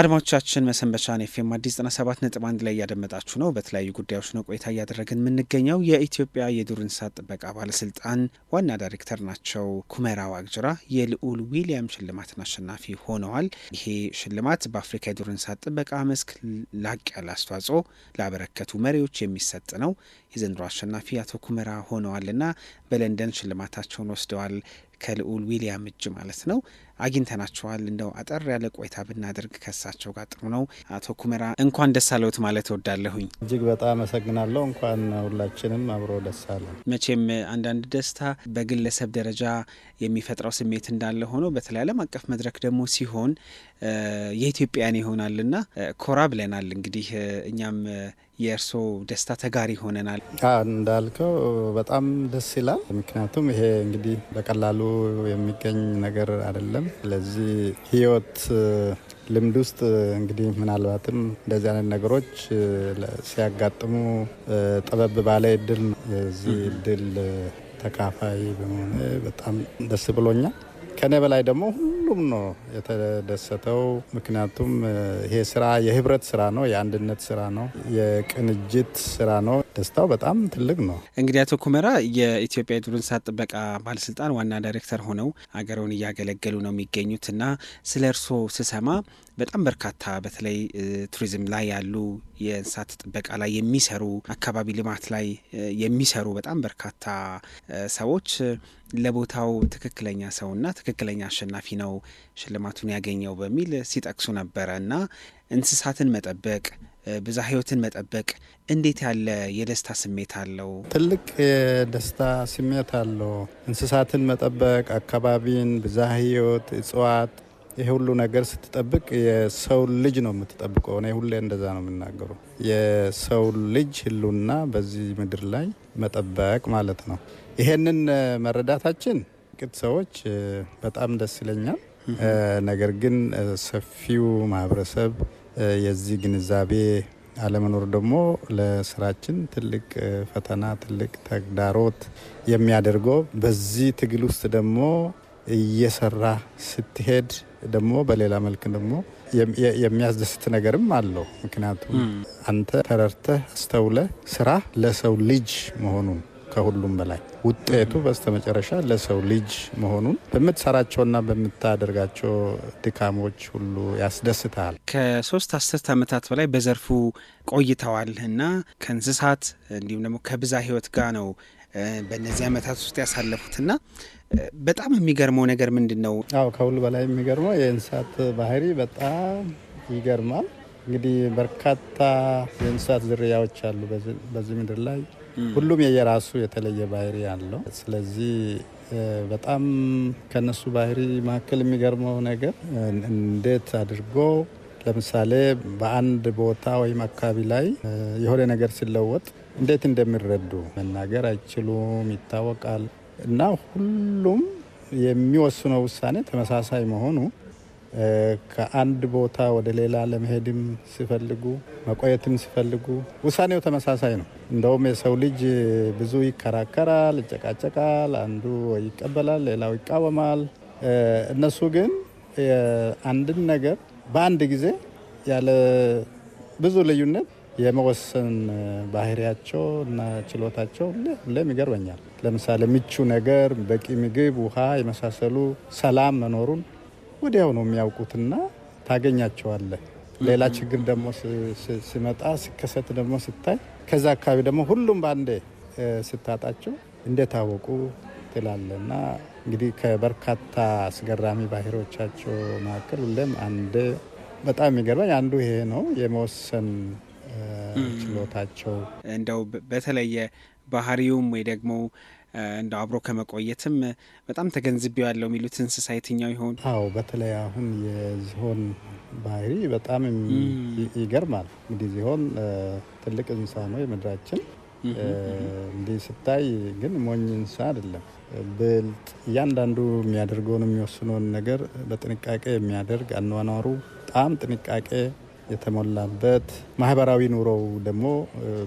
አድማጮቻችን መሰንበቻን ኤፍኤም አዲስ ዘጠና ሰባት ነጥብ አንድ ላይ እያደመጣችሁ ነው። በተለያዩ ጉዳዮች ነው ቆይታ እያደረግን የምንገኘው። የኢትዮጵያ የዱር እንስሳት ጥበቃ ባለስልጣን ዋና ዳይሬክተር ናቸው ኩመራ ዋቅጅራ የልዑል ዊሊያም ሽልማትን አሸናፊ ሆነዋል። ይሄ ሽልማት በአፍሪካ የዱር እንስሳት ጥበቃ መስክ ላቅ ያለ አስተዋጽኦ ላበረከቱ መሪዎች የሚሰጥ ነው። የዘንድሮ አሸናፊ አቶ ኩመራ ሆነዋልና በለንደን ሽልማታቸውን ወስደዋል። ከልዑል ዊሊያም እጅ ማለት ነው አግኝተናቸዋል። እንደው አጠር ያለ ቆይታ ብናደርግ ከሳቸው ጋር ጥሩ ነው። አቶ ኩመራ እንኳን ደስ አለዎት ማለት እወዳለሁኝ። እጅግ በጣም አመሰግናለሁ። እንኳን ሁላችንም አብሮ ደስ አለ። መቼም አንዳንድ ደስታ በግለሰብ ደረጃ የሚፈጥረው ስሜት እንዳለ ሆኖ በተለይ ዓለም አቀፍ መድረክ ደግሞ ሲሆን የኢትዮጵያን ይሆናልና ኮራ ብለናል። እንግዲህ እኛም የእርስዎ ደስታ ተጋሪ ሆነናል። እንዳልከው በጣም ደስ ይላል። ምክንያቱም ይሄ እንግዲህ በቀላሉ የሚገኝ ነገር አይደለም። ስለዚህ ህይወት ልምድ ውስጥ እንግዲህ ምናልባትም እንደዚህ አይነት ነገሮች ሲያጋጥሙ ጥበብ ባለ እድል የዚህ እድል ተካፋይ በመሆን በጣም ደስ ብሎኛል። ከእኔ በላይ ደግሞ ሁሉም ነው የተደሰተው። ምክንያቱም ይሄ ስራ የህብረት ስራ ነው፣ የአንድነት ስራ ነው፣ የቅንጅት ስራ ነው። ደስታው በጣም ትልቅ ነው። እንግዲህ አቶ ኩመራ የኢትዮጵያ የዱር እንስሳት ጥበቃ ባለስልጣን ዋና ዳይሬክተር ሆነው አገረውን እያገለገሉ ነው የሚገኙት እና ስለ እርስዎ ስሰማ በጣም በርካታ በተለይ ቱሪዝም ላይ ያሉ የእንስሳት ጥበቃ ላይ የሚሰሩ አካባቢ ልማት ላይ የሚሰሩ በጣም በርካታ ሰዎች ለቦታው ትክክለኛ ሰውና ትክክለኛ አሸናፊ ነው ሽልማቱን ያገኘው በሚል ሲጠቅሱ ነበረ እና እንስሳትን መጠበቅ ብዛ ህይወትን መጠበቅ እንዴት ያለ የደስታ ስሜት አለው? ትልቅ የደስታ ስሜት አለው። እንስሳትን መጠበቅ፣ አካባቢን፣ ብዛ ህይወት፣ እጽዋት ይህ ሁሉ ነገር ስትጠብቅ የሰው ልጅ ነው የምትጠብቀው። እኔ ሁሌ እንደዛ ነው የምናገሩ። የሰው ልጅ ህልውና በዚህ ምድር ላይ መጠበቅ ማለት ነው። ይሄንን መረዳታችን ቅት ሰዎች በጣም ደስ ይለኛል። ነገር ግን ሰፊው ማህበረሰብ የዚህ ግንዛቤ አለመኖር ደግሞ ለስራችን ትልቅ ፈተና፣ ትልቅ ተግዳሮት የሚያደርገው በዚህ ትግል ውስጥ ደግሞ እየሰራ ስትሄድ ደግሞ በሌላ መልክ ደግሞ የሚያስደስት ነገርም አለው። ምክንያቱም አንተ ተረርተህ አስተውለህ ስራ ለሰው ልጅ መሆኑን ከሁሉም በላይ ውጤቱ በስተመጨረሻ ለሰው ልጅ መሆኑን በምትሰራቸውና በምታደርጋቸው ድካሞች ሁሉ ያስደስታል። ከሶስት አስርት ዓመታት በላይ በዘርፉ ቆይተዋል እና ከእንስሳት እንዲሁም ደግሞ ከብዛ ህይወት ጋር ነው በእነዚህ ዓመታት ውስጥ ያሳለፉትና በጣም የሚገርመው ነገር ምንድን ነው? አዎ ከሁሉ በላይ የሚገርመው የእንስሳት ባህሪ በጣም ይገርማል። እንግዲህ በርካታ የእንስሳት ዝርያዎች አሉ በዚህ ምድር ላይ። ሁሉም የየራሱ የተለየ ባህሪ አለው። ስለዚህ በጣም ከነሱ ባህሪ መካከል የሚገርመው ነገር እንዴት አድርጎ ለምሳሌ በአንድ ቦታ ወይም አካባቢ ላይ የሆነ ነገር ሲለወጥ እንዴት እንደሚረዱ መናገር አይችሉም፣ ይታወቃል እና ሁሉም የሚወስነው ውሳኔ ተመሳሳይ መሆኑ ከአንድ ቦታ ወደ ሌላ ለመሄድም ሲፈልጉ መቆየትም ሲፈልጉ ውሳኔው ተመሳሳይ ነው። እንደውም የሰው ልጅ ብዙ ይከራከራል፣ ይጨቃጨቃል፣ አንዱ ይቀበላል፣ ሌላው ይቃወማል። እነሱ ግን አንድን ነገር በአንድ ጊዜ ያለ ብዙ ልዩነት የመወሰን ባህሪያቸው እና ችሎታቸው ሁሌም ይገርመኛል። ለምሳሌ ምቹ ነገር፣ በቂ ምግብ፣ ውሃ የመሳሰሉ ሰላም መኖሩን ወዲያው ነው የሚያውቁትና ታገኛቸዋለ ሌላ ችግር ደግሞ ሲመጣ ሲከሰት ደግሞ ስታይ ከዛ አካባቢ ደግሞ ሁሉም በአንዴ ስታጣቸው እንደታወቁ አወቁ እንግዲህ ከበርካታ አስገራሚ ባህሪዎቻቸው መካከል ሁሌም አንድ በጣም የሚገርመኝ አንዱ ይሄ ነው፣ የመወሰን ችሎታቸው እንደው በተለየ ባህሪውም ወይ ደግሞ እንደ አብሮ ከመቆየትም በጣም ተገንዝቤ ያለው የሚሉት እንስሳ የትኛው ይሆን? አዎ በተለይ አሁን የዝሆን ባህሪ በጣም ይገርማል። እንግዲህ ዝሆን ትልቅ እንስሳ ነው የምድራችን። እንዲህ ስታይ ግን ሞኝ እንስሳ አይደለም። ብልጥ፣ እያንዳንዱ የሚያደርገውን የሚወስነውን ነገር በጥንቃቄ የሚያደርግ አኗኗሩ በጣም ጥንቃቄ የተሞላበት ማህበራዊ ኑሮው ደግሞ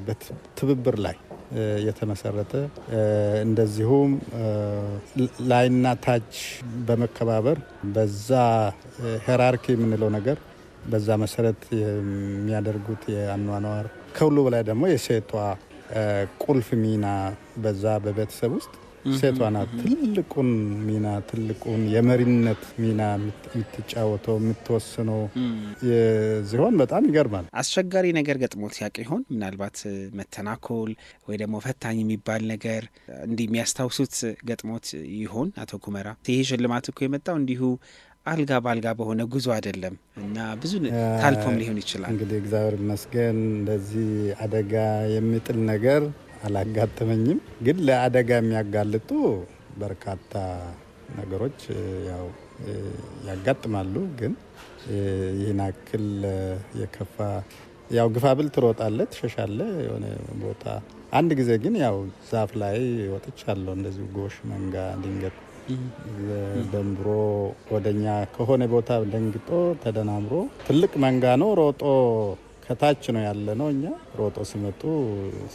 በትብብር ላይ የተመሰረተ እንደዚሁም ላይና ታች በመከባበር በዛ ሄራርኪ የምንለው ነገር በዛ መሰረት የሚያደርጉት የአኗኗር ከሁሉ በላይ ደግሞ የሴቷ ቁልፍ ሚና በዛ በቤተሰብ ውስጥ ሴቷ ናት ትልቁን ሚና ትልቁን የመሪነት ሚና የምትጫወተው የምትወስነው ሲሆን በጣም ይገርማል። አስቸጋሪ ነገር ገጥሞት ያውቅ ይሆን? ምናልባት መተናኮል ወይ ደግሞ ፈታኝ የሚባል ነገር እንዲህ የሚያስታውሱት ገጥሞት ይሆን? አቶ ኩመራ ይሄ ሽልማት እኮ የመጣው እንዲሁ አልጋ በአልጋ በሆነ ጉዞ አይደለም እና ብዙ ታልፎም ሊሆን ይችላል። እንግዲህ እግዚአብሔር ይመስገን እንደዚህ አደጋ የሚጥል ነገር አላጋጠመኝም። ግን ለአደጋ የሚያጋልጡ በርካታ ነገሮች ያው ያጋጥማሉ። ግን ይህን አክል የከፋ ያው ግፋብል ትሮጣለህ፣ ትሸሻለህ የሆነ ቦታ። አንድ ጊዜ ግን ያው ዛፍ ላይ ወጥቻለሁ እንደዚሁ ጎሽ መንጋ ድንገት ደንብሮ ወደኛ ከሆነ ቦታ ደንግጦ ተደናምሮ ትልቅ መንጋ ነው ሮጦ ከታች ነው ያለ ነው። እኛ ሮጦ ሲመጡ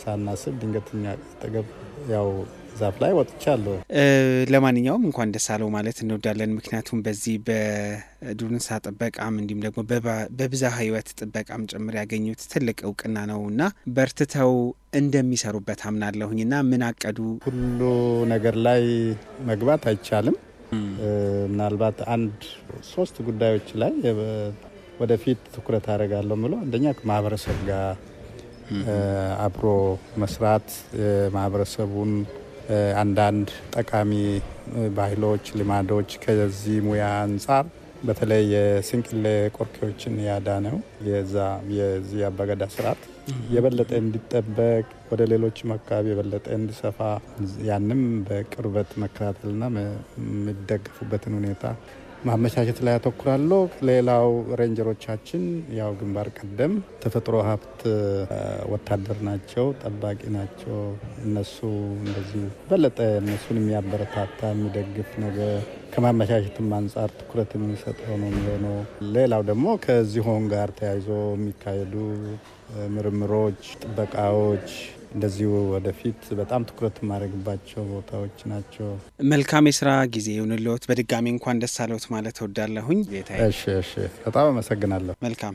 ሳናስብ ድንገትኛ ጠገብ ያው ዛፍ ላይ ወጥቻለሁ። ለማንኛውም እንኳን ደስ አለው ማለት እንወዳለን። ምክንያቱም በዚህ በዱር እንስሳ ጥበቃም እንዲሁም ደግሞ በብዝሃ ሕይወት ጥበቃም ጭምር ያገኙት ትልቅ እውቅና ነው እና በርትተው እንደሚሰሩበት አምናለሁኝ። እና ምን አቀዱ? ሁሉ ነገር ላይ መግባት አይቻልም። ምናልባት አንድ ሶስት ጉዳዮች ላይ ወደፊት ትኩረት አደርጋለሁ ምለው አንደኛ ማህበረሰብ ጋር አብሮ መስራት ማህበረሰቡን አንዳንድ ጠቃሚ ባህሎች፣ ልማዶች ከዚህ ሙያ አንጻር በተለይ የስንቅሌ ቆርኬዎችን ያዳነው የዚህ አባገዳ ስርዓት የበለጠ እንዲጠበቅ ወደ ሌሎችም አካባቢ የበለጠ እንዲሰፋ ያንም በቅርበት መከታተልና የሚደገፉበትን ሁኔታ ማመቻቸት ላይ አተኩራለሁ። ሌላው ሬንጀሮቻችን ያው ግንባር ቀደም ተፈጥሮ ሀብት ወታደር ናቸው፣ ጠባቂ ናቸው። እነሱ እንደዚህ በለጠ እነሱን የሚያበረታታ የሚደግፍ ነገር ከማመቻቸትም አንጻር ትኩረት የሚሰጠው ነው የሚሆነው። ሌላው ደግሞ ከዚሁን ጋር ተያይዞ የሚካሄዱ ምርምሮች፣ ጥበቃዎች እንደዚሁ ወደፊት በጣም ትኩረት የማድረግባቸው ቦታዎች ናቸው። መልካም የስራ ጊዜ ይሁንልዎት። በድጋሚ እንኳን ደስ አለዎት ማለት እወዳለሁኝ። እሺ፣ በጣም አመሰግናለሁ። መልካም